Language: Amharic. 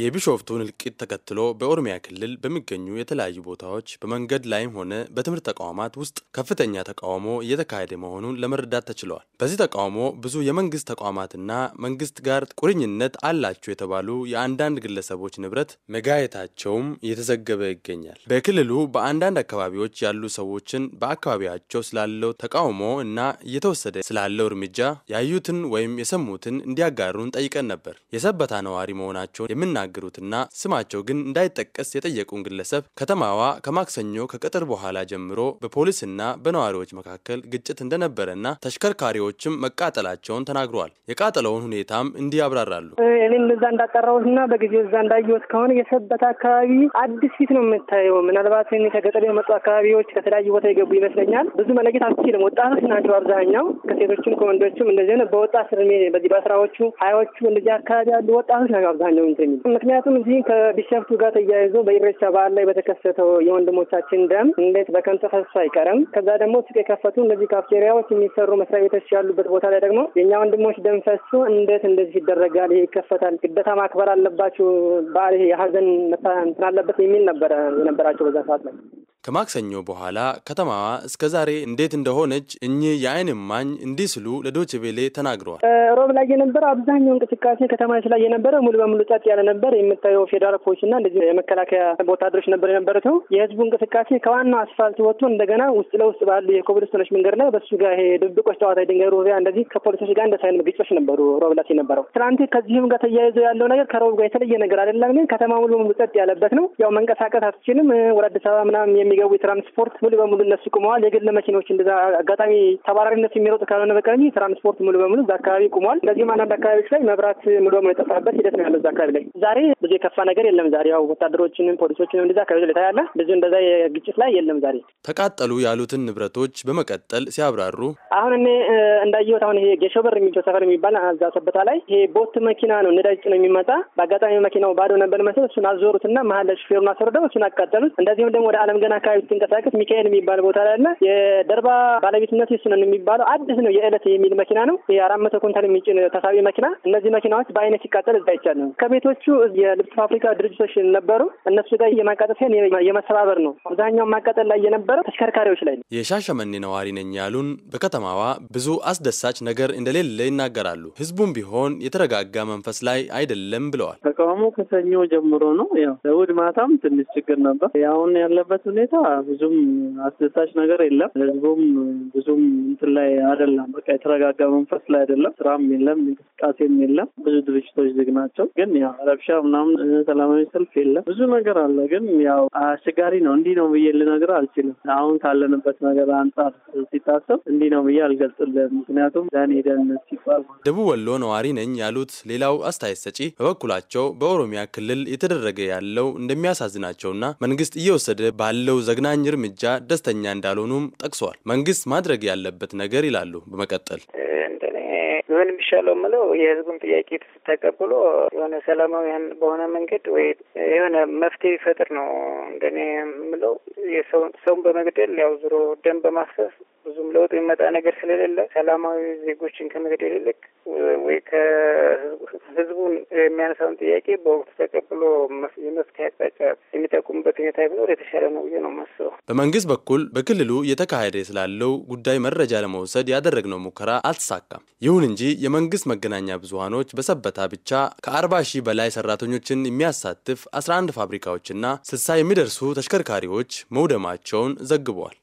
የቢሾፍቱን እልቂት ተከትሎ በኦሮሚያ ክልል በሚገኙ የተለያዩ ቦታዎች በመንገድ ላይም ሆነ በትምህርት ተቋማት ውስጥ ከፍተኛ ተቃውሞ እየተካሄደ መሆኑን ለመረዳት ተችሏል። በዚህ ተቃውሞ ብዙ የመንግስት ተቋማትና መንግስት ጋር ቁርኝነት አላቸው የተባሉ የአንዳንድ ግለሰቦች ንብረት መጋየታቸውም እየተዘገበ ይገኛል። በክልሉ በአንዳንድ አካባቢዎች ያሉ ሰዎችን በአካባቢያቸው ስላለው ተቃውሞ እና እየተወሰደ ስላለው እርምጃ ያዩትን ወይም የሰሙትን እንዲያጋሩን ጠይቀን ነበር። የሰበታ ነዋሪ መሆናቸውን የምና የሚናገሩትና ስማቸው ግን እንዳይጠቀስ የጠየቁን ግለሰብ ከተማዋ ከማክሰኞ ከቀጥር በኋላ ጀምሮ በፖሊስና በነዋሪዎች መካከል ግጭት እንደነበረና ተሽከርካሪዎችም መቃጠላቸውን ተናግረዋል። የቃጠለውን ሁኔታም እንዲህ ያብራራሉ። እኔም እዛ እንዳጠራሁትና በጊዜ እዛ እንዳየሁት ከሆነ የሰበት አካባቢ አዲስ ፊት ነው የምታየው። ምናልባት ከገጠር የመጡ አካባቢዎች ከተለያዩ ቦታ የገቡ ይመስለኛል። ብዙ መለየት አስችልም። ወጣቶች ናቸው አብዛኛው፣ ከሴቶችም ከወንዶችም እንደዚህ በወጣት እድሜ በዚህ በአስራዎቹ ሀያዎቹ እንደዚህ አካባቢ ያሉ ወጣቶች ናቸው አብዛኛው እንትን ምክንያቱም እዚህ ከቢሸፍቱ ጋር ተያይዞ በኢሬቻ በዓል ላይ በተከሰተው የወንድሞቻችን ደም እንዴት በከንቱ ፈሶ አይቀርም። ከዛ ደግሞ ሱቅ የከፈቱ እነዚህ ካፍቴሪያዎች የሚሰሩ መስሪያ ቤቶች ያሉበት ቦታ ላይ ደግሞ የእኛ ወንድሞች ደም ፈሱ እንዴት እንደዚህ ይደረጋል? ይሄ ይከፈታል፣ ግዴታ ማክበር አለባችሁ፣ በዓል የሀዘን መታ እንትን አለበት የሚል ነበረ የነበራቸው በዛ ሰዓት ላይ ከማክሰኞ በኋላ ከተማዋ እስከ ዛሬ እንዴት እንደሆነች እኚህ የአይን እማኝ እንዲህ ስሉ ለዶች ተናግረዋል። ሮብ ላይ የነበረ አብዛኛው እንቅስቃሴ ከተማች ላይ የነበረ ሙሉ በሙሉ ጸጥ ያለ ነበር። የምታየው ፌዴራል ፖሊስና እንደዚህ የመከላከያ ወታደሮች ነበር የነበረ ሰው የህዝቡ እንቅስቃሴ ከዋናው አስፋልት ወጥቶ እንደገና ውስጥ ለውስጥ ባሉ የኮብልስቶኖች መንገድ ላይ በሱ ጋር ይሄ ድብቆች ጠዋታ ድንጋይ ሩቢያ እንደዚህ ከፖሊሶች ጋር እንደሳይ ግጮች ነበሩ። ሮብ ላይ የነበረው ትናንት ከዚህም ጋር ተያይዞ ያለው ነገር ከሮብ ጋር የተለየ ነገር አይደለም። ግን ከተማ ሙሉ በሙሉ ጸጥ ያለበት ነው። ያው መንቀሳቀስ አትችልም። ወደ አዲስ አበባ ምናምን የሚገቡ የትራንስፖርት ሙሉ በሙሉ እነሱ ቁመዋል። የግል መኪኖች እንደዛ አጋጣሚ ተባራሪነት የሚሮጥ ካልሆነ በቀር ትራንስፖርት ሙሉ በሙሉ እዛ አካባቢ ቁመዋል። እንደዚህም አንዳንድ አካባቢዎች ላይ መብራት ሙሉ በሙሉ የጠፋበት ሂደት ነው ያለው እዛ አካባቢ ላይ። ዛሬ ብዙ የከፋ ነገር የለም። ዛሬ ያው ወታደሮችንም ፖሊሶችንም እንደዛ አካባቢ ላይ ታያለ። ብዙ እንደዛ የግጭት ላይ የለም። ዛሬ ተቃጠሉ ያሉትን ንብረቶች በመቀጠል ሲያብራሩ አሁን እኔ እንዳየሁት አሁን ይሄ ጌሾበር የሚቸው ሰፈር የሚባል እዛ ሰበታ ላይ ይሄ ቦት መኪና ነው ነዳጅ ነው የሚመጣ በአጋጣሚ መኪናው ባዶ ነበር መሰል እሱን አዞሩትና መሀል ለሹፌሩን አስወርደው እሱን አቃጠሉት። እንደዚሁም ደግሞ ወደ አለም ገና አካባቢ ስትንቀሳቀስ ሚካኤል የሚባል ቦታ ላይ እና የደርባ ባለቤትነት የእሱ ነው የሚባለው አዲስ ነው የእለት የሚል መኪና ነው። የአራት መቶ ኩንታል የሚጭን ተሳቢ መኪና። እነዚህ መኪናዎች በአይነት ሲቃጠል እዛ ይቻለ ከቤቶቹ የልብስ ፋብሪካ ድርጅቶች ነበሩ። እነሱ ጋር የማቃጠል ሲሆን የመሰባበር ነው። አብዛኛው ማቃጠል ላይ የነበረው ተሽከርካሪዎች ላይ ነው። የሻሸመኔ ነዋሪ ነኝ ያሉን በከተማዋ ብዙ አስደሳች ነገር እንደሌለ ይናገራሉ። ህዝቡም ቢሆን የተረጋጋ መንፈስ ላይ አይደለም ብለዋል። ተቃውሞ ከሰኞ ጀምሮ ነው። ያው እሑድ ማታም ትንሽ ችግር ነበር። አሁን ያለበት ሁኔታ ሁኔታ ብዙም አስደሳች ነገር የለም። ህዝቡም ብዙም እንትን ላይ አይደለም። በቃ የተረጋጋ መንፈስ ላይ አይደለም። ስራም የለም፣ እንቅስቃሴም የለም። ብዙ ድርጅቶች ዝግ ናቸው። ግን ያው ረብሻ ምናምን ሰላማዊ ሰልፍ የለም። ብዙ ነገር አለ። ግን ያው አስቸጋሪ ነው። እንዲህ ነው ብዬ ልነግርህ አልችልም። አሁን ካለንበት ነገር አንጻር ሲታሰብ እንዲህ ነው ብዬ አልገልጽልም። ምክንያቱም ለእኔ ደህንነት ሲባል ደቡብ ወሎ ነዋሪ ነኝ ያሉት ሌላው አስተያየት ሰጪ በበኩላቸው በኦሮሚያ ክልል የተደረገ ያለው እንደሚያሳዝናቸውና መንግስት እየወሰደ ባለው ዘግናኝ እርምጃ ደስተኛ እንዳልሆኑም ጠቅሰዋል። መንግስት ማድረግ ያለበት ነገር ይላሉ በመቀጠል ምን የሚሻለው ምለው የህዝቡን ጥያቄ ተቀብሎ የሆነ ሰላማዊ በሆነ መንገድ ወይ የሆነ መፍትሄ ይፈጥር ነው። እንደኔ ምለው ሰውን በመግደል ያው ዞሮ ደም በማፍሰስ ብዙም ለውጥ የሚመጣ ነገር ስለሌለ ሰላማዊ ዜጎችን ከመግደል ይልቅ ወይ ከህዝቡ የሚያነሳውን ጥያቄ በወቅቱ ተቀብሎ የመፍትሄ አቅጣጫ የሚጠቁሙበት ሁኔታ ቢኖር የተሻለ ነው ብዬ ነው የማስበው። በመንግስት በኩል በክልሉ የተካሄደ ስላለው ጉዳይ መረጃ ለመውሰድ ያደረግነው ሙከራ አልተሳካም። ይሁን እንጂ የመንግስት መገናኛ ብዙሀኖች በሰበታ ብቻ ከአርባ ሺህ በላይ ሰራተኞችን የሚያሳትፍ አንድ ፋብሪካዎችና ስልሳ የሚደርሱ ተሽከርካሪዎች መውደማቸውን ዘግበዋል።